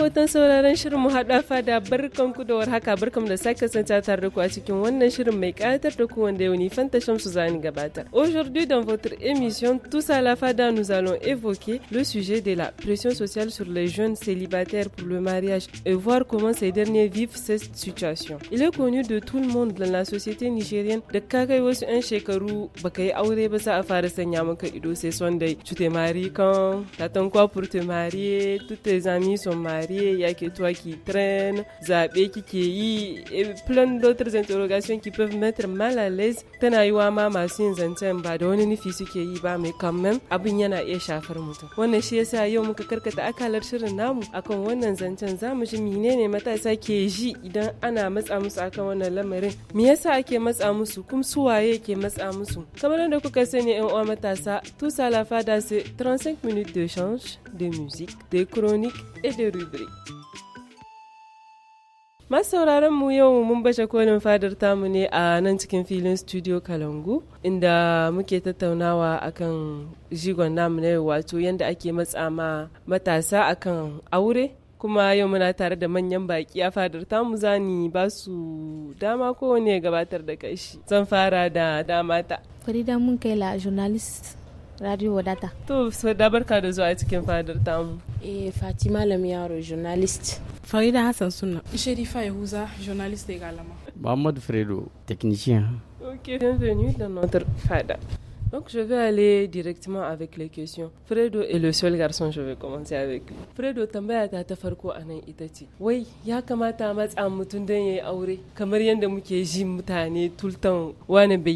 abotan sauraron shirin mu haɗa fada barkanku da war haka barkam da sake kasance tare da ku a cikin wannan shirin mai ƙayatar da ku wanda yau ni Fanta Shamsu zani gabatar. Aujourd'hui dans votre émission tout ça la fada nous allons évoquer le sujet de la pression sociale sur les jeunes célibataires pour le mariage et voir comment ces derniers vivent cette situation. Il est connu de tout le monde dans la société nigérienne de ka kai wasu 'yan shekaru baka yi aure ba za a fara sanya maka ido sai son dai tu te maries quand t'attends quoi pour te marier tous tes amis sont mariés mariée, il y a que toi qui traînes, qui kike yi, eh, plein d'autres interrogations qui peuvent mettre mal à l'aise. Tana yi wa ma masu yin zancen ba da wani nufi suke yi ba mai kamman abin yana iya shafar mutum. Wannan shi yasa yau muka karkata akalar shirin namu akan wannan zancen za mu ji ne matasa ke ji idan ana matsa musu akan wannan lamarin. Me yasa ake matsa musu kuma su waye ke matsa musu? Kamar da kuka sani yan uwa matasa, tout ça la fada c'est 35 minutes de change, de musique, de chronique et de rubrique. masu masauraran mu yau mun bashe kolin fadar tamu ne a nan cikin filin studio kalangu inda muke tattaunawa akan jigon namu na yau wato yadda ake matsa ma matasa akan aure kuma yau muna tare da manyan baki a fadar tamu zani ba su dama kowane gabatar da kashi zan fara da damata farida mun kai la journalist Radio Wadata. To, d'abord, barka da zuwa cikin fadar tamu. Eh, Fatima Lemiaro, journaliste. Farida Hassan Sunna. Sherifa Yahuza, journaliste également. Mohamed Fredo, technicien. Ok, bienvenue dans notre fada. Donc je vais aller directement avec les questions. Fredo est le seul garçon, je vais commencer avec lui. Fredo tu as dit que tu as dit que tu as dit que tu as dit que tu as dit que tu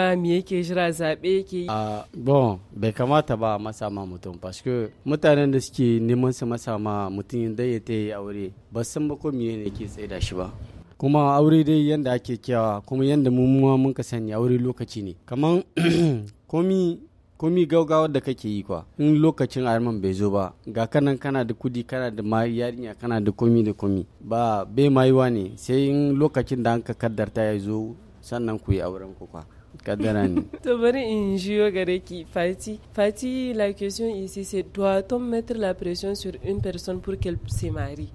as dit que tu as dit que tu as dit que tu as dit que tu bon, bai kamata ba matsa ma mutum parce que mutanen da suke neman su matsa ma mutum don ya ta yi aure ba san ba ko me ne ke tsaida shi ba. kuma aure dai yadda ake kyawa kuma yadda mummuwa mun ka sani aure lokaci ne kaman komi komi gaugawa da kake yi kwa in lokacin arman bai zo ba ga kanan kana da kudi kana da ma yarinya kana da komi da komi ba bai mayuwa ne sai in lokacin da an ka kaddarta ya zo sannan ku yi auren ku kwa kaddara ne. To bari in jiyo gare ki Fati. Fati la question ici c'est doit-on mettre la pression sur une personne pour qu'elle se marie?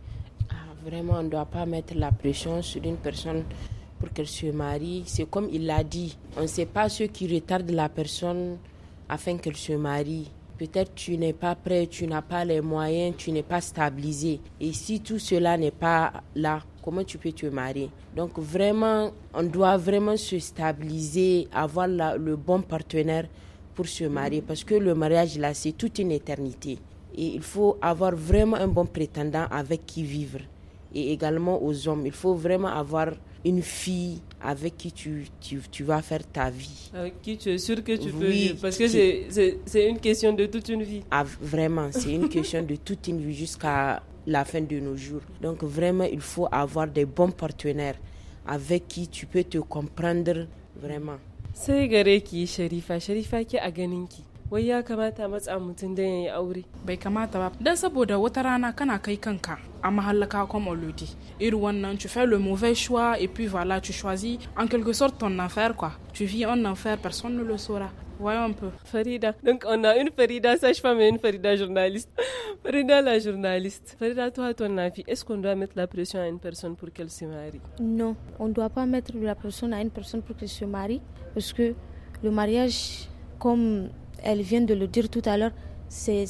vraiment, on ne doit pas mettre la pression sur une personne pour qu'elle se marie. C'est comme il l'a dit, on ne sait pas ce qui retarde la personne afin qu'elle se marie. Peut-être tu n'es pas prêt, tu n'as pas les moyens, tu n'es pas stabilisé. Et si tout cela n'est pas là, comment tu peux te marier Donc vraiment, on doit vraiment se stabiliser, avoir le bon partenaire pour se marier. Parce que le mariage, là, c'est toute une éternité. Et il faut avoir vraiment un bon prétendant avec qui vivre et également aux hommes. Il faut vraiment avoir une fille avec qui tu, tu, tu, vas faire ta vie. Avec euh, qui tu es sûr que tu veux peux vivre. Parce que c'est une question de toute une vie. Ah, vraiment, c'est une question de toute une vie jusqu'à la fin de nos jours. Donc vraiment, il faut avoir des bons partenaires avec qui tu peux te comprendre vraiment. C'est gare a wai ya kamata matsa mutum don ya aure bai kamata ba don saboda wata rana kana kai kanka a mahallaka wannan tu fais le mauvais choix et puis voilà tu choisis en quelque sorte ton enfer quoi tu vis en enfer personne ne le saura voyons un peu Farida donc on a une Farida sage-femme et une Farida journaliste Farida la journaliste Farida toi à ton avis est-ce qu'on doit mettre la pression à une personne pour qu'elle se marie non on ne doit pas mettre la pression à une personne pour qu'elle se marie parce que le mariage comme elle vient de le dire tout à l'heure, c'est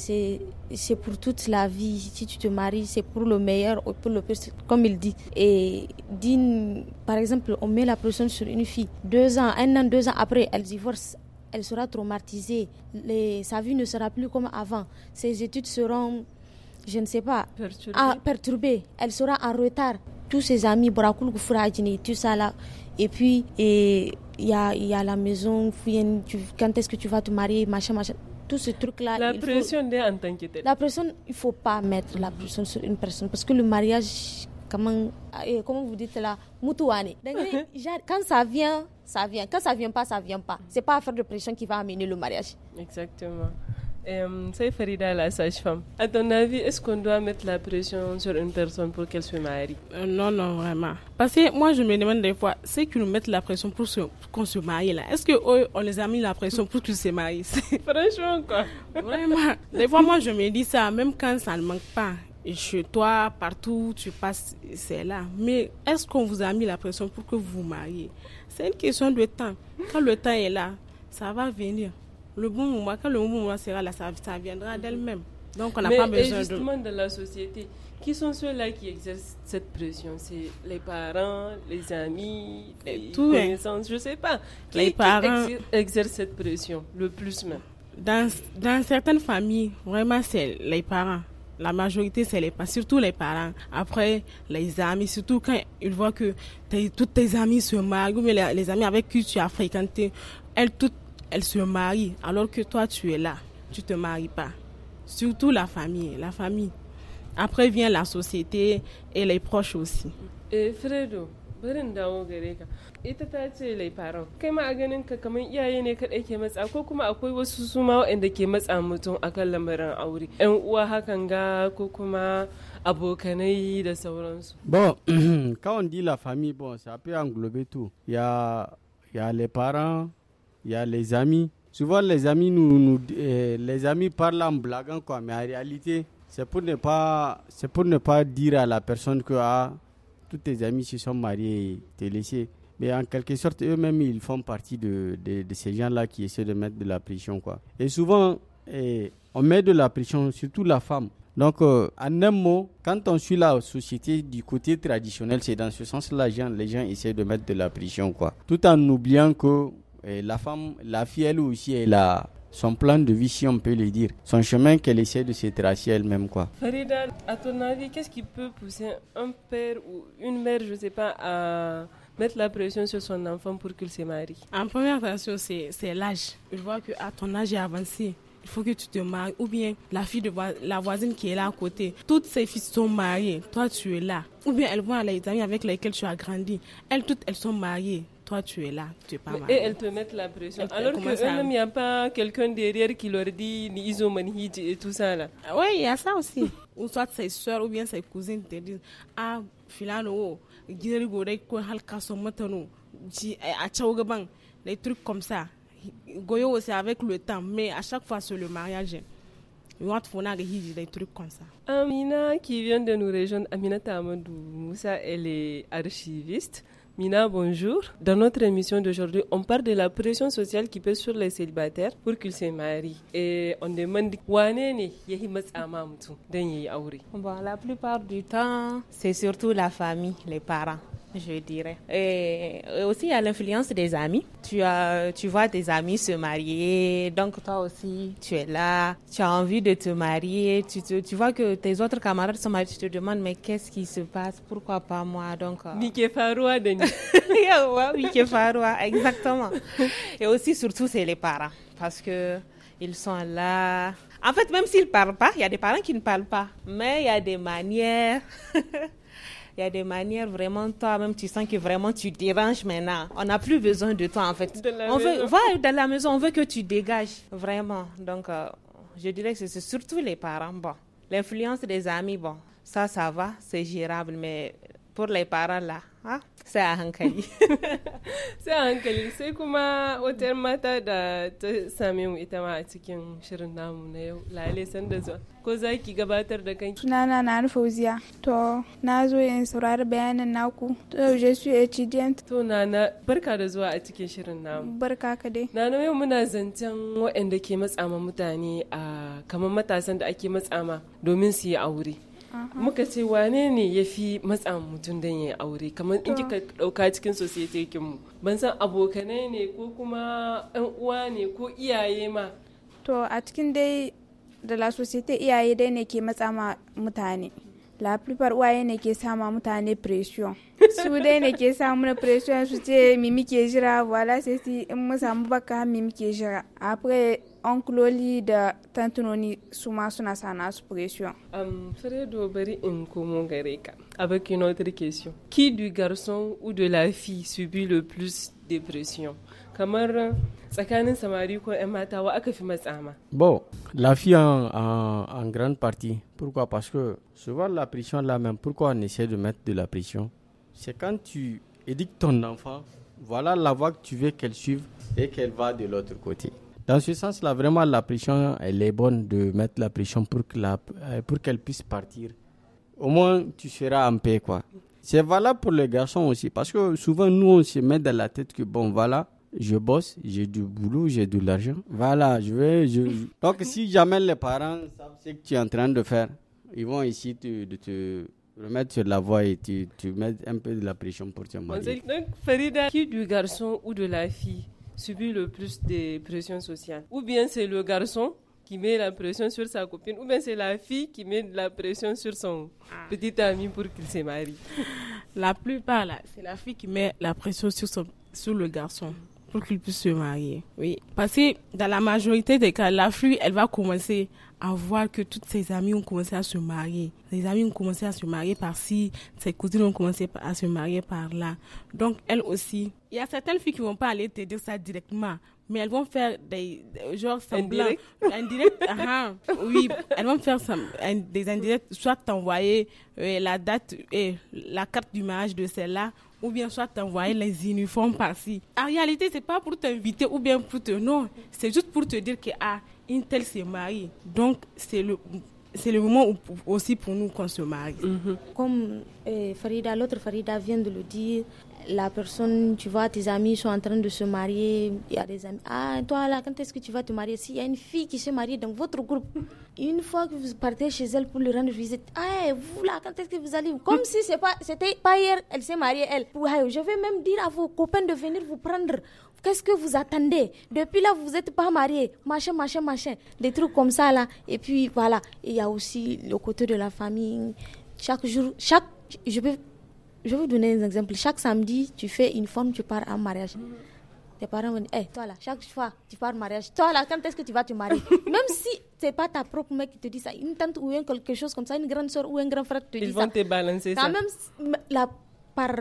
pour toute la vie. Si tu te maries, c'est pour le meilleur ou pour le pire, comme il dit. Et d'une, par exemple, on met la pression sur une fille. Deux ans, un an, deux ans après, elle divorce. Elle sera traumatisée. Les, sa vie ne sera plus comme avant. Ses études seront, je ne sais pas, perturbées. Ah, elle sera en retard. Tous ses amis, Brakul tout ça là. Et puis, et il y a, y a, la maison, quand est-ce que tu vas te marier, machin, machin. Tout ce truc-là. La pression en La pression, il ne faut pas mettre la pression sur une personne parce que le mariage, comment, euh, comment vous dites là, mutuane. Quand ça vient, ça vient. Quand ça vient pas, ça vient pas. C'est pas à faire de pression qui va amener le mariage. Exactement c'est Farida, la sage-femme. À ton avis, est-ce qu'on doit mettre la pression sur une personne pour qu'elle se marie euh, Non, non, vraiment. Parce que moi, je me demande des fois, c'est qui nous mettent la pression pour, qu'on se marie, là, est-ce qu'on les a mis la pression pour qu'ils se marient Franchement, quoi. vraiment. Des fois, moi, je me dis ça, même quand ça ne manque pas. chez toi, partout où tu passes, c'est là. Mais est-ce qu'on vous a mis la pression pour que vous vous mariez C'est une question de temps. Quand le temps est là, ça va venir le bon moment, quand le bon moment sera là, ça, viendra mhm. d'elle-même. Donc on n'a pas besoin Mais justement de... dans la société, qui sont ceux-là qui exercent cette pression C'est les parents, les amis, les Tout hein. connaissances, je ne sais pas. les parents qui exercent cette pression le plus même dans, dans certaines familles, vraiment, c'est les parents. La majorité, c'est les parents, surtout les parents. Après, les amis, surtout quand ils voient que toutes tes amis se marient, mais les, les, amis avec qui tu as fréquenté, elles toutes elle se marie alors que toi tu es là, tu te maries pas. Surtout la famille, la famille. Après vient la société et les proches aussi. Et eh, Fredo, barin dawo gare ka ita ta ce lai faran kai ma a ganin ka kamar iyaye ne kadai ke matsa ko kuma akwai wasu su ma waɗanda ke matsa mutum akan lamarin aure yan uwa hakan ga ko kuma abokanai da sauransu bon quand on dit la famille bon ça peut englober tout il y les parents il y a les amis. Souvent, les amis, nous, nous euh, les amis parlent en blaguant, quoi, mais en réalité, c'est pour, ne pas, c'est pour ne pas dire à la personne que ah, tous tes amis se sont mariés et t'es laissé. Mais en quelque sorte, eux-mêmes, ils font partie de, ces gens-là qui essaient de mettre de la pression. Quoi. Et souvent, eh, on met de la pression, surtout la femme. Donc, euh, en un mot, quand on suit la société du côté traditionnel, c'est dans ce sens-là que les gens essaient de mettre de la pression, quoi. Tout en oubliant que la femme, la fille, elle aussi, elle a son plan de vie, si on peut le dire, son chemin qu'elle essaie de se tracer elle-même. quoi. Farida, à ton avis, qu'est-ce qui peut pousser un père ou une mère, je ne sais pas, à mettre la pression sur son enfant pour qu'il se marie En première version c'est l'âge. Je vois qu'à ton âge, avancé. Il faut que tu te maries. Ou bien la fille de la voisine qui est là à côté. Toutes ses filles sont mariées. Toi, tu es là. Ou bien elles vont à les amis avec lesquels tu as grandi. Elles toutes, elles sont mariées toi tu es là, tu es pas mal. Et elles te mettent la pression. Alors que, même il n'y a pas quelqu'un derrière qui leur dit ni iso et tout ça là. Ah oui, il y a ça aussi. ou soit ses soeurs ou bien ses cousines te disent Ah, filano, guiri gore ko a des trucs comme ça. Goyo c'est avec le temps, mais à chaque fois sur le mariage. Des trucs comme ça. Amina qui vient de nous régions, Amina Tamadou Moussa, elle est archiviste. Mina, bonjour. Dans notre émission d'aujourd'hui, on parle de la pression sociale qui pèse sur les célibataires pour qu'ils se marient. Et on demande Bon, la plupart du temps, c'est surtout la famille, les parents je dirais. Et aussi, il y a l'influence des amis. Tu, as, tu vois tes amis se marier, donc toi aussi, tu es là, tu as envie de te marier, tu, tu vois que tes autres camarades sont mariés, tu te demandes, mais qu'est-ce qui se passe, pourquoi pas moi donc, euh... Faroua, Denis. Mickey Faroua, exactement. Et aussi, surtout, c'est les parents, parce que ils sont là. En fait, même s'ils ne parlent pas, il y a des parents qui ne parlent pas, mais il y a des manières. Il y a des manières vraiment, toi-même, tu sens que vraiment tu déranges maintenant. On n'a plus besoin de toi, en fait. On veut, va dans la maison, on veut que tu dégages, vraiment. Donc, euh, je dirais que c'est surtout les parents, bon. L'influence des amis, bon, ça, ça va, c'est gérable, mais pour les parents, là, sai a hankali sai a hankali sai kuma wata mata da ta same mu ita ma a cikin shirin namu na yau lalai sanda zuwa ko za ki gabatar da kanki sunana na fauziya to na zo yin saurari bayanin naku to yau je su diyanta. to nana barka da zuwa a cikin shirin namu barka ka dai nana yau muna zancen waɗanda ke matsama mutane a kamar matasan da ake matsama domin su yi aure muka ce wane ne ya fi matsa mutum don ya aure kamar in kika ɗauka cikin sosai mu ban san abokanai ne ko kuma ɗan uwa ne ko iyaye ma to a cikin dai da la ta iyaye dai ne ke matsa ma mutane la plupart uwaye ne ke sama mutane pression su dai ne ke samu na pression su ce mi jira wala sai in mu samu baka mi jira après Oncle da tantunoni su ma suna pression. Um, bari in Avec une autre question. Qui du garçon ou de la fille subit le plus de pression? tsakanin samari ko mata wa aka fi Bon, la fille en, grande partie. Pourquoi? Parce que souvent la pression la même, pourquoi on essaie de mettre de la pression? C'est quand tu éduques ton enfant, voilà la voie que tu veux qu'elle suive et qu'elle va de l'autre côté. Dans ce sens-là, vraiment, la pression, elle est bonne de mettre la pression euh, pour qu'elle puisse partir. Au moins, tu seras en paix, quoi. C'est valable pour les garçons aussi, parce que souvent, nous, on se met dans la tête que, bon, voilà, je bosse, j'ai du boulot, j'ai de l'argent. Voilà, je vais. Donc, si jamais les parents savent ce que tu es en train de faire, ils vont essayer de te, remettre sur la voie et tu, mets un peu de la pression pour te marier. Donc, Farida, qui du garçon ou de la fille subit le plus de pressions sociales. Ou bien c'est le garçon qui met la pression sur sa copine, ou bien c'est la fille qui met la pression sur son ah. petit ami pour qu'il se marie. La plupart, c'est la fille qui met la pression sur, sur le garçon pour qu'ils puissent se marier. Oui. Parce que dans la majorité des cas, la fille, elle va commencer à voir que toutes ses amies ont commencé à se marier. Ses amies ont commencé à se marier par-ci, ses cousines ont commencé à se marier par-là. Donc, elle aussi. Il y a certaines filles qui vont pas aller te dire ça directement, mais elles vont faire des, genre semblant Indirect. Indirect, ah, ah oui. Elles vont faire des indirects, soit t'envoyer euh, la date, et euh, la carte du mariage de celle-là, ou bien soit t'envoyer les uniformes par-ci. En réalité, c'est pas pour t'inviter ou bien pour te. Non, c'est juste pour te dire que ah, une telle se marie. Donc, c'est le. C'est le moment aussi pour nous qu'on se marie. Mm-hmm. Comme eh, Farida, l'autre Farida vient de le dire, la personne, tu vois, tes amis sont en train de se marier. Il y a des amis. Ah, toi là, quand est-ce que tu vas te marier S'il y a une fille qui se marie dans votre groupe, une fois que vous partez chez elle pour le rendre visite, ah, vous là, quand est-ce que vous allez Comme si c'est pas, c'était pas hier, elle s'est mariée, elle. Je vais même dire à vos copains de venir vous prendre. Qu'est-ce que vous attendez Depuis là, vous n'êtes pas mariés. Machin, machin, machin. Des trucs comme ça là. Et puis voilà. Il y a aussi le côté de la famille. Chaque jour, chaque, je peux je vais vous donner un exemple. Chaque samedi, tu fais une forme, tu pars en mariage. Tes parents vont dire, hey, toi là, chaque fois, tu pars en mariage. Toi là, quand est-ce que tu vas te marier Même si n'est pas ta propre mère qui te dit ça, une tante ou quelque chose comme ça, une grande soeur ou un grand frère te dit ça. Ils vont te balancer ça. la, par,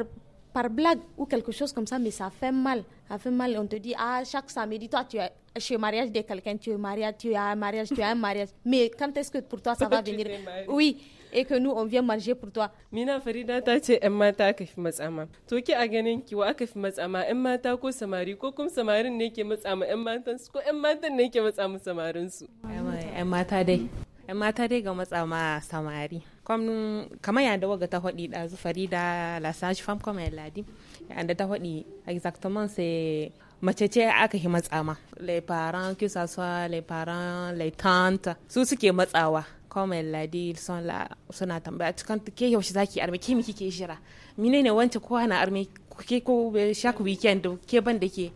par blague ou quelque chose comme ça, mais ça fait mal. Ça fait mal. On te dit, ah, chaque samedi, toi, tu es chez mariage de quelqu'un, tu es mariage, tu as un mariage, tu as un mariage. Mais quand est-ce que pour toi ça va venir Oui. et que nous on vient manger pour toi mina farida ta ce yan mata aka fi matsama to ki a ganin ki wa aka fi matsama yan mata ko samari ko kuma samarin ne ke matsama yan matan su ko yan matan ne ke matsama samarin su yan mata dai yan mata dai ga matsama samari kamar yadda waga ta hodi da farida la sage femme comme elle l'a dit yadda ta hodi exactement c'est mace ce aka yi matsama les parents que ça soit les parents les tantes su suke matsawa comme elle l'a dit, ils sont là, suna tambaya cikin ke yaushe zaki arme ke miki ke ne menene wance ko ana arme ke ko shaku weekend ke ban da ke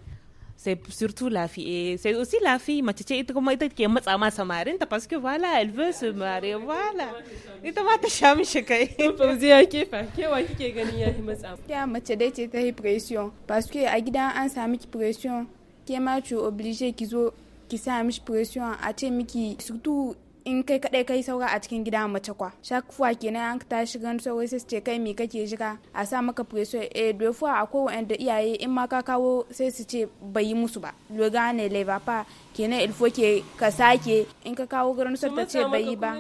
c'est surtout la fille. Et eh, c'est aussi la fille, ma tchétché, comment est-ce qu'elle m'a ma samarine, parce que voilà, elle veut se marier, voilà. Et t'as ma tchami chakai. On peut dire, ok, fa, qui est-ce qui est gagné à ma samarine? ma tchétché, c'était pression. Parce que, à dans un sami qui pression, qui est ma tu obligé qu'ils ont qui sa pression a ce qui surtout in kai kadai kai saura a cikin gida mace kwa shakufuwa kenan an ta shiga wai sai ce kai me kake jira a sa maka preso eh dofuwa a wanda da iyaye in ma ka kawo sai su ce bai yi musu ba loga ne leva pa kenan ilfo ke ka sake in ka kawo garin so ta ce bai yi ba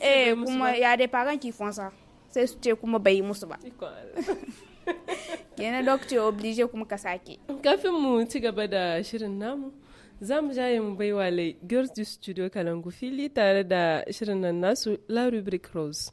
eh kuma ya dai faran ki fonsa sai su ce kuma bai yi musu ba kenan doctor oblige kuma ka sake kafin mu ci gaba da shirin namu za mu jaye mu baiwa lai girls du studio kalangu fili tare da shirin nan nasu la rubric rose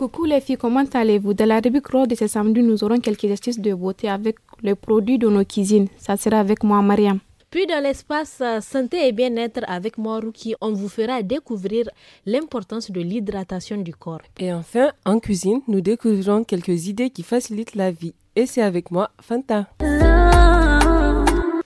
Coucou les filles, comment allez-vous Dans la rubrique Rose de ce samedi, nous aurons quelques astuces de beauté avec les produits de nos cuisines. Ça sera avec moi, Mariam. Puis dans l'espace euh, santé et bien-être avec moi, Ruki, on vous fera découvrir l'importance de l'hydratation du corps. Et enfin, en cuisine, nous découvrirons quelques idées qui facilitent la vie. Et c'est avec moi, Fanta.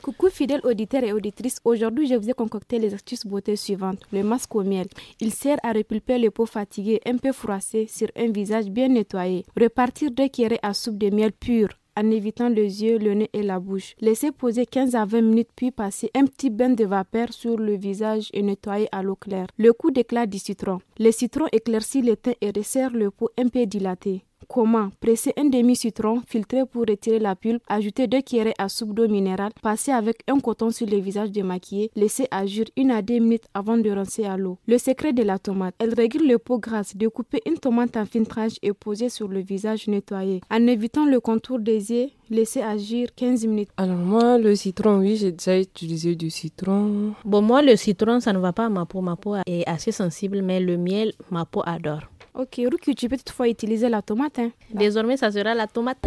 Coucou fidèles auditeurs et auditrices, aujourd'hui je vous ai concocté les astuces beauté suivantes. Le masque au miel, il sert à repulper le peaux fatiguées un peu froissées sur un visage bien nettoyé. Repartir deux cuillerées à soupe de miel pur en évitant les yeux, le nez et la bouche. Laissez poser 15 à 20 minutes puis passer un petit bain de vapeur sur le visage et nettoyer à l'eau claire. Le coup d'éclat du citron. Le citron éclaircit le teint et resserre le peau un peu dilatée. Comment Presser un demi-citron, filtré pour retirer la pulpe, ajouter deux cuillerées à soupe d'eau minérale, passer avec un coton sur le visage démaquillé, laisser agir une à deux minutes avant de rincer à l'eau. Le secret de la tomate. Elle régule le pot grasse. Découper une tomate en fines tranches et poser sur le visage nettoyé. En évitant le contour des yeux, laisser agir 15 minutes. Alors moi, le citron, oui, j'ai déjà utilisé du citron. Bon, moi, le citron, ça ne va pas à ma peau. Ma peau est assez sensible, mais le miel, ma peau adore. Ok, Ruki, tu peux toutefois utiliser la tomate. Hein. Désormais, ça sera la tomate.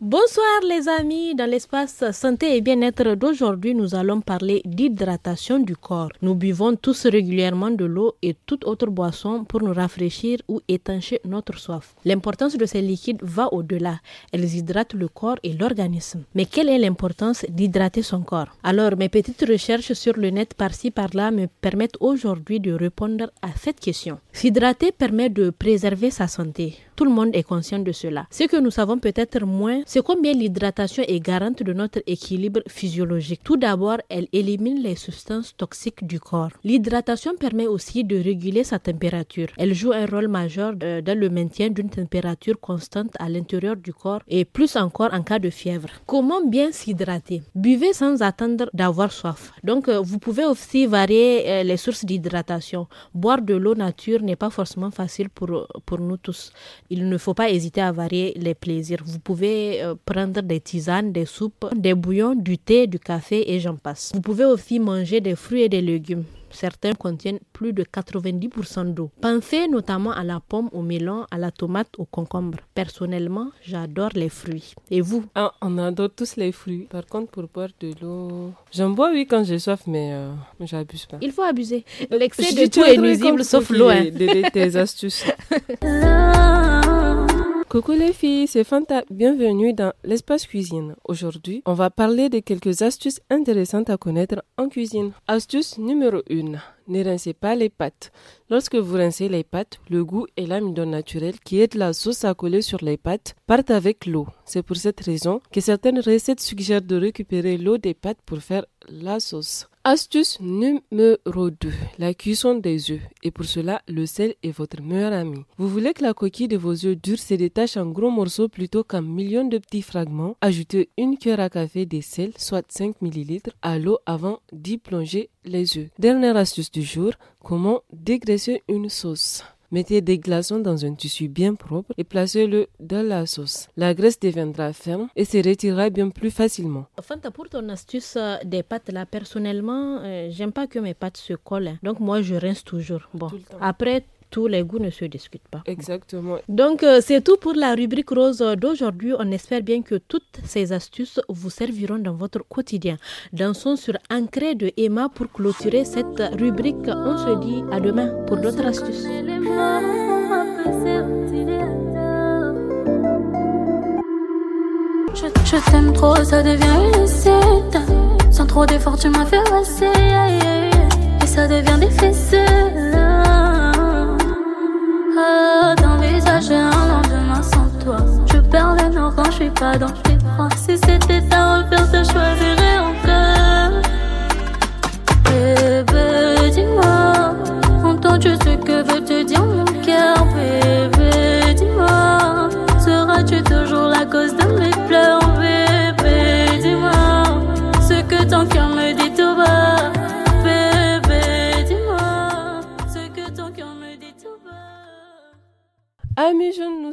Bonsoir les amis, dans l'espace santé et bien-être d'aujourd'hui, nous allons parler d'hydratation du corps. Nous buvons tous régulièrement de l'eau et toute autre boisson pour nous rafraîchir ou étancher notre soif. L'importance de ces liquides va au-delà. Elles hydratent le corps et l'organisme. Mais quelle est l'importance d'hydrater son corps Alors, mes petites recherches sur le net par-ci par-là me permettent aujourd'hui de répondre à cette question. S'hydrater permet de préserver sa santé. Tout le monde est conscient de cela. Ce que nous savons peut-être moins c'est combien l'hydratation est garante de notre équilibre physiologique. Tout d'abord, elle élimine les substances toxiques du corps. L'hydratation permet aussi de réguler sa température. Elle joue un rôle majeur euh, dans le maintien d'une température constante à l'intérieur du corps et plus encore en cas de fièvre. Comment bien s'hydrater Buvez sans attendre d'avoir soif. Donc, euh, vous pouvez aussi varier euh, les sources d'hydratation. Boire de l'eau nature n'est pas forcément facile pour, pour nous tous. Il ne faut pas hésiter à varier les plaisirs. Vous pouvez euh, prendre des tisanes, des soupes, des bouillons, du thé, du café et j'en passe. Vous pouvez aussi manger des fruits et des légumes. Certains contiennent plus de 90% d'eau. Pensez notamment à la pomme, au melon, à la tomate, au concombre. Personnellement, j'adore les fruits. Et vous ah, On adore tous les fruits. Par contre, pour boire de l'eau, j'en bois oui quand j'ai soif, mais euh, j'abuse pas. Il faut abuser. Euh, L'excès de tout est nuisible sauf l'eau. Hein. tes astuces. Coucou les filles, c'est Fanta. Bienvenue dans l'espace cuisine. Aujourd'hui, on va parler de quelques astuces intéressantes à connaître en cuisine. Astuce numéro 1 ne rincez pas les pâtes. Lorsque vous rincez les pâtes, le goût et l'amidon naturel qui aide la sauce à coller sur les pâtes partent avec l'eau. C'est pour cette raison que certaines recettes suggèrent de récupérer l'eau des pâtes pour faire la sauce. Astuce numéro 2, la cuisson des œufs. Et pour cela, le sel est votre meilleur ami. Vous voulez que la coquille de vos œufs durs se détache en gros morceaux plutôt qu'en millions de petits fragments. Ajoutez une cuillère à café de sel, soit 5 ml, à l'eau avant d'y plonger les œufs. Dernière astuce du jour, comment dégraisser une sauce. Mettez des glaçons dans un tissu bien propre et placez-le dans la sauce. La graisse deviendra ferme et se retirera bien plus facilement. Fanta, pour ton astuce euh, des pâtes, là, personnellement, euh, j'aime pas que mes pâtes se collent. Donc, moi, je rince toujours. Bon, Tout après tous les goûts ne se discutent pas. Exactement. Donc, euh, c'est tout pour la rubrique rose d'aujourd'hui. On espère bien que toutes ces astuces vous serviront dans votre quotidien. Dansons sur Ancré de Emma pour clôturer cette rubrique. On se dit à demain pour d'autres astuces. Je, t'aime trop, ça devient Sans trop d'efforts, tu m'as fait Et ça devient les d'envisager un lendemain sans toi. Je perds le nord je suis pas dans tes bras. Si c'était ta refaire, je choisirais.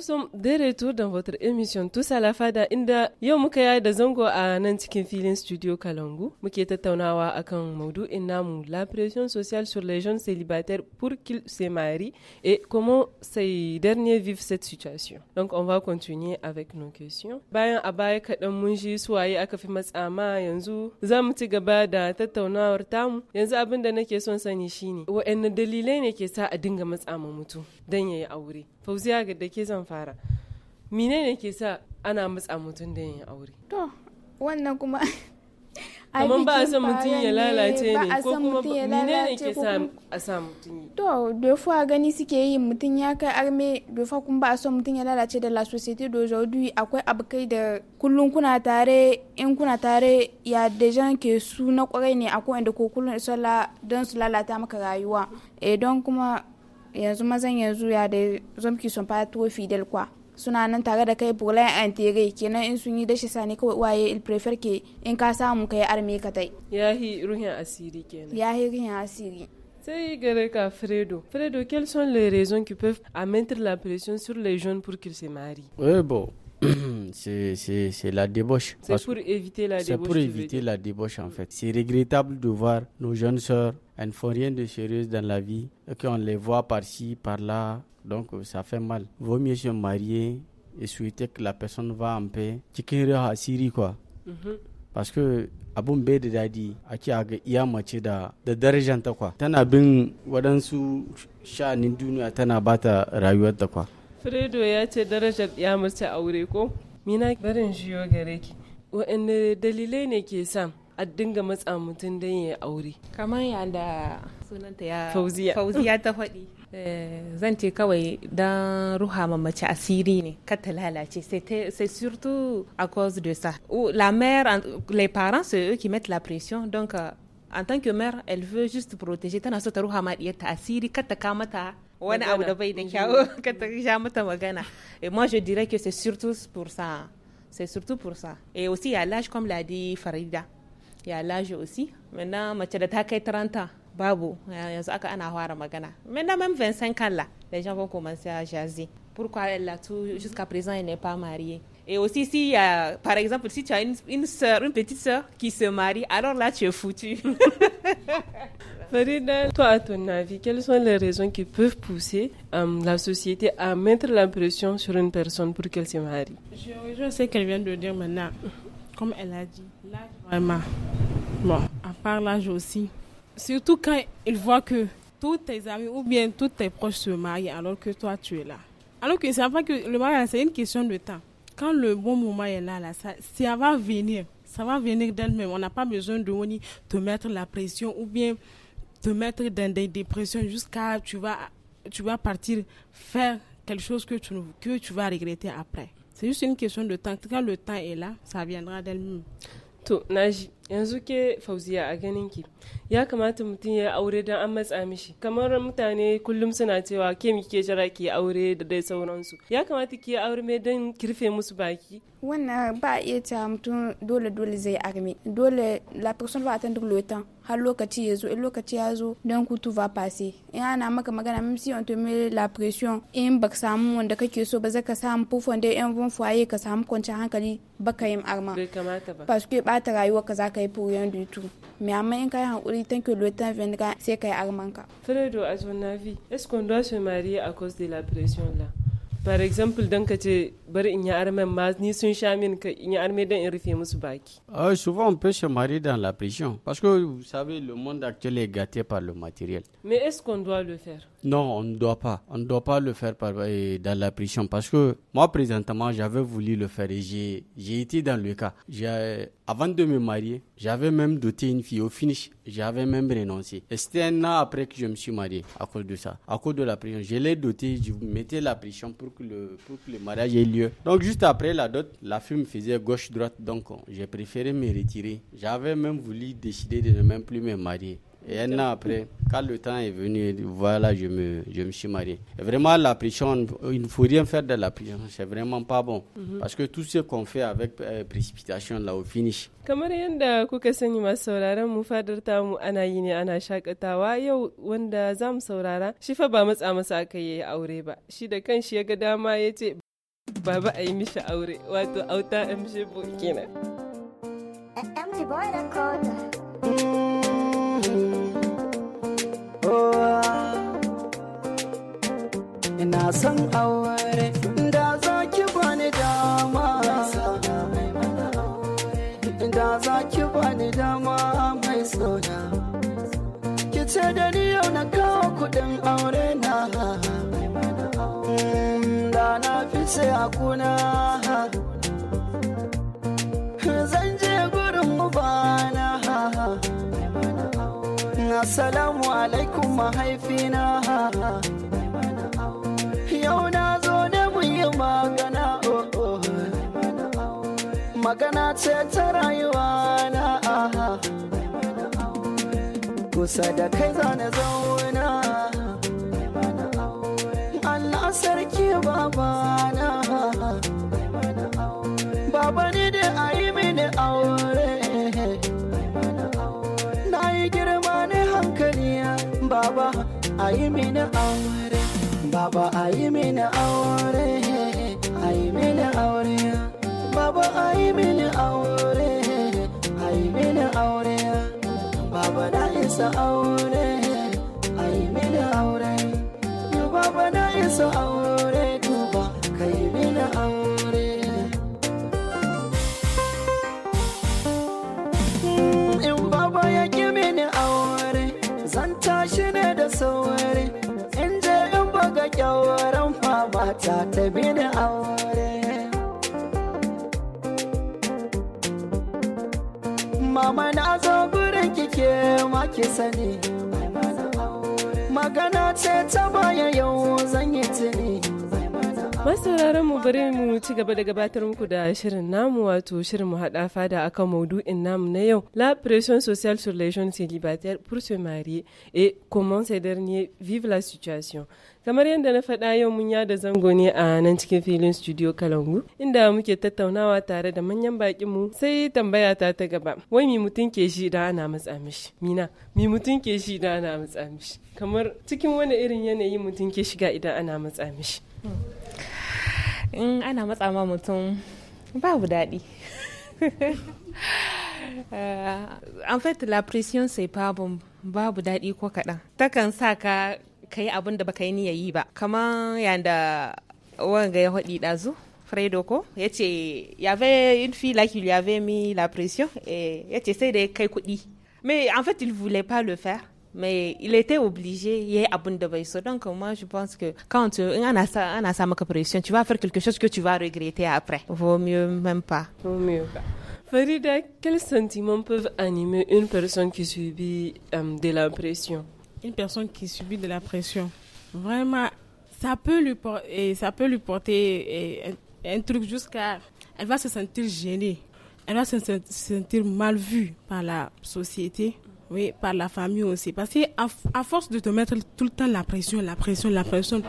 sommes de retour dans votre émission Tous à la Fada inda yau muka yaya da zango a nan cikin filin studio Kalangu muke tattaunawa akan maudu'in namu la pression sociale sur les jeunes célibataires pour qu'ils se marient et comment ces derniers vivent cette situation. Donc on va continuer avec nos questions. Bayan abay baya kaɗan mun ji suwaye aka fi matsa ma yanzu zamu ci gaba da tattaunawar tamu yanzu abin da nake son sani shine wa'anne dalilai ne ke sa a dinga matsa mutum ya aure. fauziya ga da ke zan fara mine ne ke sa ana matsa mutum da yin aure to wannan kuma kamar ba a san mutum ya lalace ne ko kuma mine ne ke sa a sa mutum to dofu a gani suke yi mutum ya kai arme dofa kuma ba a san mutum ya lalace da la société d'aujourd'hui akwai abokai da kullum kuna tare in kuna tare ya dejan ke su na kwarai ne akwai inda ko kullum isola don su lalata maka rayuwa eh don kuma yanzu mazan yanzu ya da zomki sun fa tuwo fidel kwa suna nan tare da kai bulayen antere kenan in sun yi dashi sani kawai waye il prefer ke in ka samu kai arme ka tai yahi ruhin asiri kenan yahi ruhin asiri C'est Greka Fredo. Fredo, quelles sont les raisons qui peuvent à mettre la pression sur les jeunes pour qu'ils se marient Eh bon, c'est la débauche. C'est pour éviter la débauche. C'est pour éviter la débauche en fait. C'est regrettable de voir nos jeunes sœurs, elles ne font rien de sérieux dans la vie, et qu'on les voit par-ci, par-là, donc ça fait mal. Vaut mieux se marier et souhaiter que la personne va en paix. Cikin raha siri quoi. Parce que abun bai da dadi ake ga iya mace da da darajanta kwa tana bin waɗansu sha'anin duniya tana bata ta kwa fredo ya ce darajar ya mace aure ko mina barin shiyo gare ki waɗanne dalilai ne ke sa a dinga matsa mutum don ya aure kamar yadda sunanta ya fauziya ta faɗi eh, zan ce kawai don ruha ma mace asiri ne ka ta lalace c'est surtout à cause de ça la mère les parents c'est eux qui mettent la pression donc euh, en tant que mère elle veut juste protéger tana so ta ruha ma diyarta asiri kar ka mata ta et moi, je dirais que c'est surtout pour ça. C'est surtout pour ça. Et aussi, à l'âge, comme l'a dit Farida. Il y a l'âge aussi. Maintenant, mace da 30 ans, babu, yanzu aka ana fara magana. Maintenant, même 25 ans là, les gens vont commencer à jaser. Pourquoi elle a tout, jusqu'à présent, elle n'est pas mariée et aussi, si, par exemple, si tu as une, une, soeur, une petite sœur qui se marie, alors là, tu es foutu. toi, à ton avis, quelles sont les raisons qui peuvent pousser euh, la société à mettre la pression sur une personne pour qu'elle se marie Je rejoins ce qu'elle vient de dire maintenant. Comme elle a dit, l'âge vraiment. Bon, à part l'âge aussi. Surtout quand il voit que tous tes amis ou bien tous tes proches se marient alors que toi, tu es là. Alors que c'est pas que le mariage, c'est une question de temps. Quand le bon moment est là, là ça, ça va venir ça va venir d'elle-même. On n'a pas besoin de te mettre la pression ou bien te mettre dans des dépressions jusqu'à tu vas tu vas partir faire quelque chose que tu que tu vas regretter après. C'est juste une question de temps. Quand le temps est là, ça viendra d'elle-même. To naji yanzu ke fauziya a ganin ki ya kamata mutum ya aure don an matsa mishi kamar mutane kullum suna cewa ke mi ke jira ki aure da dai sauransu ya kamata ki aure mai don kirfe musu baki wannan ba a iya cewa mutum dole dole zai arme dole la personne va attendre le temps har lokaci ya zo in lokaci ya zo don kutu va passe in ana maka magana min si on te la pression in ka samu wanda kake so ba zaka samu pufon da yan von foyer ka samu kwanciyar hankali ka yi arma bai kamata ba parce que bata rayuwa ka ka pour rien du tout. Mais amma in ka tant que le temps viendra c'est ka armanka. Fredo, à ton avis, est-ce qu'on doit se marier à cause de la pression là? par exemple donc ka ce bari inya yi armen ma ni sun sha min ka in yi arme dan in musu baki ah souvent on peut se marier dans la pression, parce que vous savez le monde actuel est gâté par le matériel mais est-ce qu'on doit le faire non, on ne doit pas. On ne doit pas le faire par, dans la prison parce que moi, présentement, j'avais voulu le faire et j'ai été dans le cas. Avant de me marier, j'avais même doté une fille au finish. J'avais même renoncé. Et c'était un an après que je me suis marié à cause de ça, à cause de la prison. Je l'ai doté, je mettais la prison pour que, le, pour que le mariage ait lieu. Donc juste après la dot, la fille faisait gauche-droite. Donc j'ai préféré me retirer. J'avais même voulu décider de ne même plus me marier. Et un an après, quand le temps est venu, voilà, je me, je me suis marié. vraiment, la prison, il ne faut rien faire de la prison. C'est vraiment pas bon. Mhm. Parce que tout ce qu'on fait avec euh, précipitation, là, au finish. kamar yadda kuka sani masu sauraron mu fadar tamu ana yi ne ana shakatawa yau wanda za mu saurara shi fa ba matsa masa aka yi aure ba shi da kanshi ya ga dama ya ce baba a yi mishi aure wato auta amshi bo kenan. ina son aure da za ki bani dama da za ki bani dama mai tsona ki ce da ni yau na kawo kudin aure na mm, da na fi sai a kuna zan je gurin ubana Assalamu alaikum mahaifina Yau na zo ne mun yi magana oh, oh. Magana ce ta rayuwa na Kusa da kai zane zauna Allah sarki babana yi mini aure baba a yi mini aure a yi mini aure baba a yi mini aure a yi mini aure baba na isa aure a yi mini aure baba na isa aure duba ka yi mini aure mm, in baba ya ki mini aure zan tashi ne da sauri ta ta bi aure mama na zo gurin kike ma ki sani magana ce ta baya yau zan yi tuni masauraran mu bari mu ci gaba da gabatar muku da shirin namu wato shirin mu hada fada akan maudu'in namu na yau la pression social sur les jeunes célibataires pour se marier et comment ces derniers vivent la situation kamar yadda na faɗa yau mun da zango ne a nan cikin filin studio kalangu inda muke tattaunawa tare da manyan baƙi mu sai tambaya ta ta gaba wai mi mutum ke shi da ana matsa mishi mina mi mutum ke shi da ana matsa mishi kamar cikin wani irin yanayi mutum ke shiga idan ana matsa mishi in ana matsa ma mutum babu daɗi eh, en fait la pression c'est pas bon babu daɗi ko kaɗan takan sa ka kai yi abin da baka yi niyya yi ba kamar yanda wanga ya haɗi ɗazu Fredo ko ya ce ya une fille là qui lui avait mis la pression et eh, ya ce sai da kai kuɗi mais en fait il voulait pas le faire mais il était obligé, hier est Bundabaiso. Donc, moi, je pense que quand tu, on a ça, pression, tu vas faire quelque chose que tu vas regretter après. Vaut mieux même pas. Vaut mieux pas. Farida, quels sentiments peuvent animer une personne qui subit euh, de la pression Une personne qui subit de la pression, vraiment, ça peut lui, porter, ça peut lui porter un truc jusqu'à... Elle va se sentir gênée, elle va se sentir mal vue par la société, oui, par la famille aussi. Parce qu'à à, force de te mettre tout le temps la pression, la pression, la pression,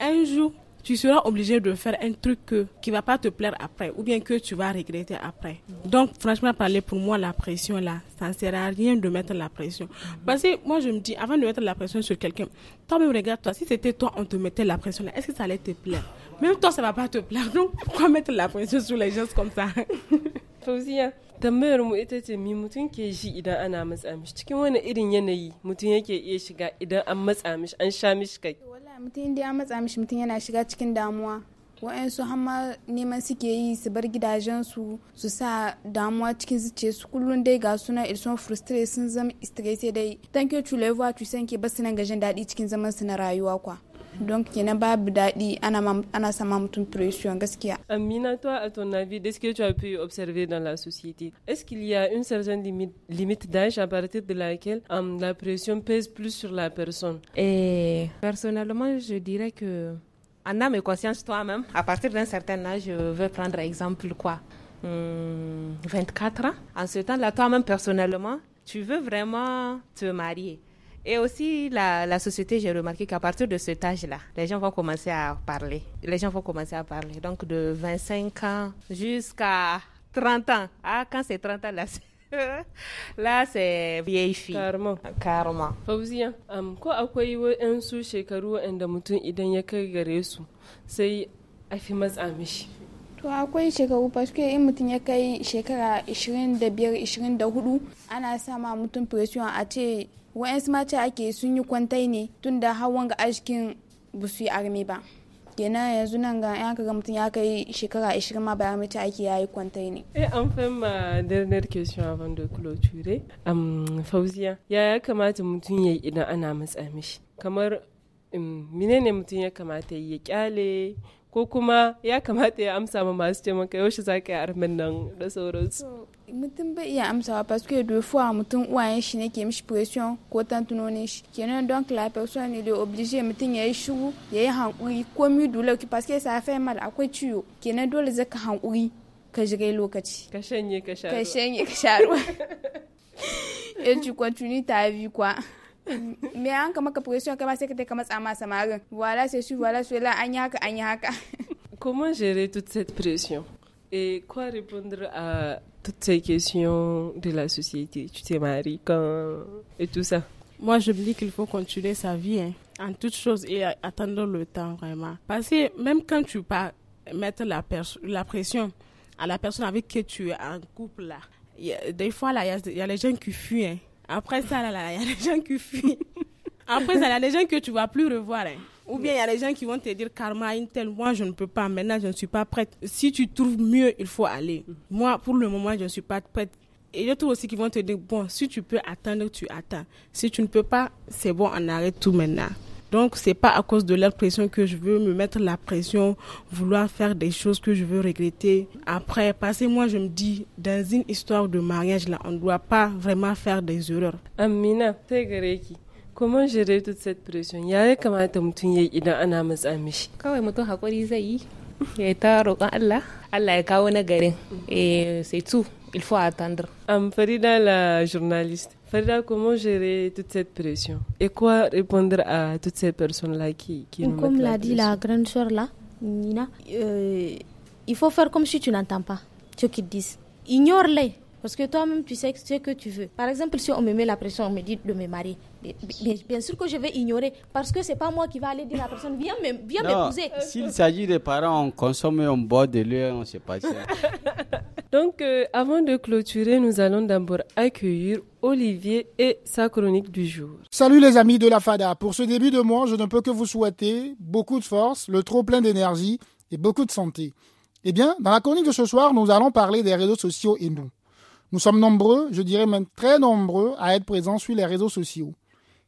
un jour, tu seras obligé de faire un truc qui qui va pas te plaire après ou bien que tu vas regretter après. Donc, franchement, parler pour moi, la pression là, ça ne sert à rien de mettre la pression. Parce que moi, je me dis, avant de mettre la pression sur quelqu'un, toi-même, regarde-toi, si c'était toi, on te mettait la pression là, est-ce que ça allait te plaire Même toi, ça va pas te plaire. Donc, pourquoi mettre la pression sur les gens comme ça Faut aussi, hein. tambayar mu ita ce mi mutum ke shi idan ana matsa mishi cikin wani irin yanayi mutum yake iya shiga idan an matsa mishi an sha mishi kai wallahi mutum inda an matsa mishi mutum yana shiga cikin damuwa wa'ansu hamma neman suke yi su bar gidajen su su sa damuwa cikin zuciya su kullum dai ga suna ilson frustrate sun zama stress dai thank you to levo to sanke basu nan gajin daɗi cikin zaman su na rayuwa kwa Donc, babu daɗi ana sama mutum pression gaskiya. Amina, toi, à ton avis, est ce que tu as pu observer dans la société, est-ce qu'il y a une certaine limite, d'âge à partir de laquelle hum, la pression pèse plus sur la personne Et personnellement, je dirais que en âme et conscience toi-même, à partir d'un certain âge, je veux prendre exemple quoi 24 hum, ans. En ce temps-là, toi-même personnellement, tu veux vraiment te marier. Et aussi, la, la société, j'ai remarqué qu'à partir de cet âge-là, les gens vont commencer à parler. Les gens vont commencer à parler. Donc, de 25 ans jusqu'à 30 ans. Ah, quand c'est 30 ans, là, c'est... Là, c'est vieille fille. Hein. Karma. Karma. ya a to akwai shekaru paske in mutum ya kai shekara 25-24 ana sama mutum presiyon a ce wa'yansu mace ake sun yi kwantai ne tun da hawan ga ashikin ba su yi armi ba kenan yanzu nan ga ya kaga mutum ya kai shekara 20 ma bayan mace ake yayi kwantai ne eh an fahimma dernier question avant de clôturer um, fauziya ya ya kamata mutum ya yi idan ana matsa mishi kamar mm, menene mutum ya kamata ya kyale ko kuma ya kamata ya amsa ma masu taimaka maka yaushe za ka yi armin nan da sauransu. mutum bai iya amsawa parce que deux fois mutum uwayen shi ne ke mishi pression ko tantunonin shi kenan donc la personne il est obligé mutum ya yi shiru ya yi hankuri mi dole parce que ça fait mal akwai ciwo kenan dole zaka hankuri ka jira lokaci ka shanye ka sharuwa. ka shanye ka sharuwa. et tu ta vie quoi Mais en que pression que tu commences à voilà c'est voilà cela comment gérer toute cette pression et quoi répondre à toutes ces questions de la société tu t'es marié quand et tout ça moi je me dis qu'il faut continuer sa vie hein, en toutes choses et attendre le temps vraiment parce que même quand tu vas mettre la, la pression à la personne avec qui tu es en couple là des fois là il y, a les gens qui fuient hein. Après ça, il y a des gens qui fuient. Après ça, il y a des gens que tu ne vas plus revoir. Hein. Ou bien il y a des gens qui vont te dire karma, une telle, moi je ne peux pas, maintenant je ne suis pas prête. Si tu trouves mieux, il faut aller. Moi, pour le moment, je ne suis pas prête. Et d'autres aussi qui vont te dire, bon, si tu peux attendre, tu attends. Si tu ne peux pas, c'est bon, on arrête tout maintenant. Donc, c'est pas à cause de leur pression que je veux me mettre la pression, vouloir faire des choses que je veux regretter après. Parce que moi, je me dis, dans une histoire de mariage, là, on ne doit pas vraiment faire des erreurs. Amina, comment gérer toute cette pression c'est tout eh, il faut attendre am la journaliste Farida, comment gérer toute cette pression Et quoi répondre à toutes ces personnes-là qui, qui nous Comme l'a dit la grande soeur là, Nina, euh, il faut faire comme si tu n'entends pas ce qu'ils disent. Ignore-les. Parce que toi-même, tu sais ce que tu veux. Par exemple, si on me met la pression, on me dit de me marier. Bien, sûr que je vais ignorer. Parce que ce n'est pas moi qui vais aller dire à la personne, viens m'épouser. S'il s'agit des parents, on consomme, on boit de l'eau, on ne sait pas. Donc, euh, avant de clôturer, nous allons d'abord accueillir Olivier et sa chronique du jour. Salut les amis de la FADA. Pour ce début de mois, je ne peux que vous souhaiter beaucoup de force, le trop plein d'énergie et beaucoup de santé. Eh bien, dans la chronique de ce soir, nous allons parler des réseaux sociaux et nous. Nous sommes nombreux, je dirais même très nombreux, à être présents sur les réseaux sociaux.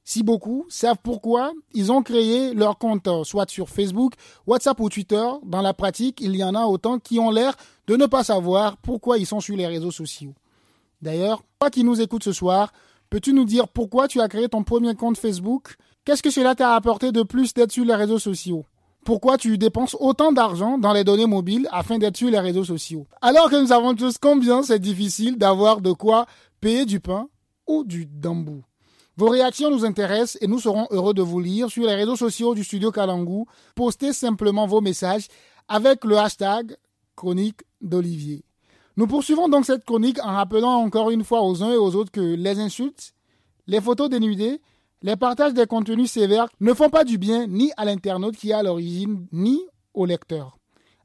Si beaucoup savent pourquoi, ils ont créé leur compte, euh, soit sur Facebook, WhatsApp ou Twitter. Dans la pratique, il y en a autant qui ont l'air de ne pas savoir pourquoi ils sont sur les réseaux sociaux. D'ailleurs, toi qui nous écoutes ce soir, peux-tu nous dire pourquoi tu as créé ton premier compte Facebook Qu'est-ce que cela t'a apporté de plus d'être sur les réseaux sociaux pourquoi tu dépenses autant d'argent dans les données mobiles afin d'être sur les réseaux sociaux. Alors que nous savons tous combien c'est difficile d'avoir de quoi payer du pain ou du dambou. Vos réactions nous intéressent et nous serons heureux de vous lire sur les réseaux sociaux du studio Kalangu. Postez simplement vos messages avec le hashtag chronique d'Olivier. Nous poursuivons donc cette chronique en rappelant encore une fois aux uns et aux autres que les insultes, les photos dénudées, les partages des contenus sévères ne font pas du bien ni à l'internaute qui est à l'origine, ni au lecteur.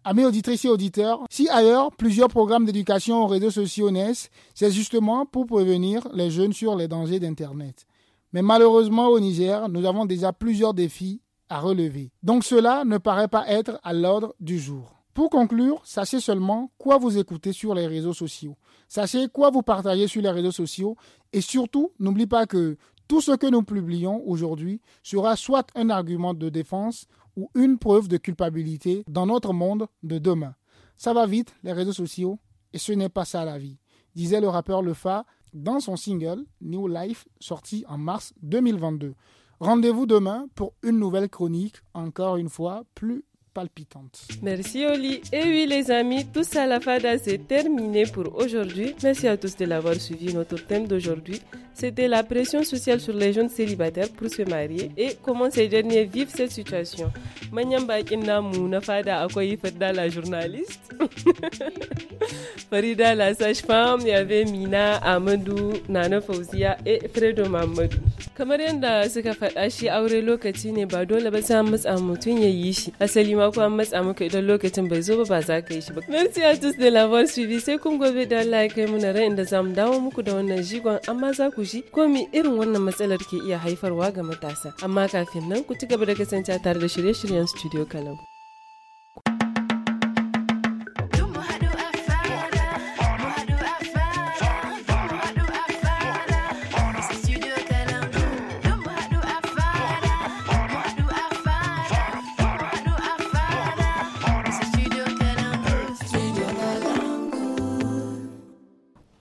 Amis auditrices et auditeurs, si ailleurs plusieurs programmes d'éducation aux réseaux sociaux naissent, c'est justement pour prévenir les jeunes sur les dangers d'Internet. Mais malheureusement au Niger, nous avons déjà plusieurs défis à relever. Donc cela ne paraît pas être à l'ordre du jour. Pour conclure, sachez seulement quoi vous écoutez sur les réseaux sociaux. Sachez quoi vous partagez sur les réseaux sociaux. Et surtout, n'oubliez pas que tout ce que nous publions aujourd'hui sera soit un argument de défense ou une preuve de culpabilité dans notre monde de demain. Ça va vite, les réseaux sociaux, et ce n'est pas ça la vie, disait le rappeur Lefa dans son single New Life sorti en mars 2022. Rendez-vous demain pour une nouvelle chronique, encore une fois plus palpitante. Merci Oli. Et oui les amis, tout ça la fada c'est terminé pour aujourd'hui. Merci à tous de l'avoir suivi. Notre thème d'aujourd'hui, c'était la pression sociale sur les jeunes célibataires pour se marier et comment ces derniers vivent cette situation. Manyamba bakin namu na fada akwai Farida la journaliste. Farida la sage-femme, il y avait Mina, Amadou, Nana Fauzia et Fredo Mamadou. Kamar yadda suka faɗa shi aure lokaci ne ba dole ba shi. amma kuma matsa maka idan lokacin bai zo ba ba za ka yi shi ba merci à tous de voix suivi sai kun gobe da Allah ya kai mu na da za mu dawo muku da wannan jigon amma za ku ji komi irin wannan matsalar ke iya haifarwa ga matasa amma kafin nan ku ci gaba da kasancewa tare da shirye-shiryen studio kalau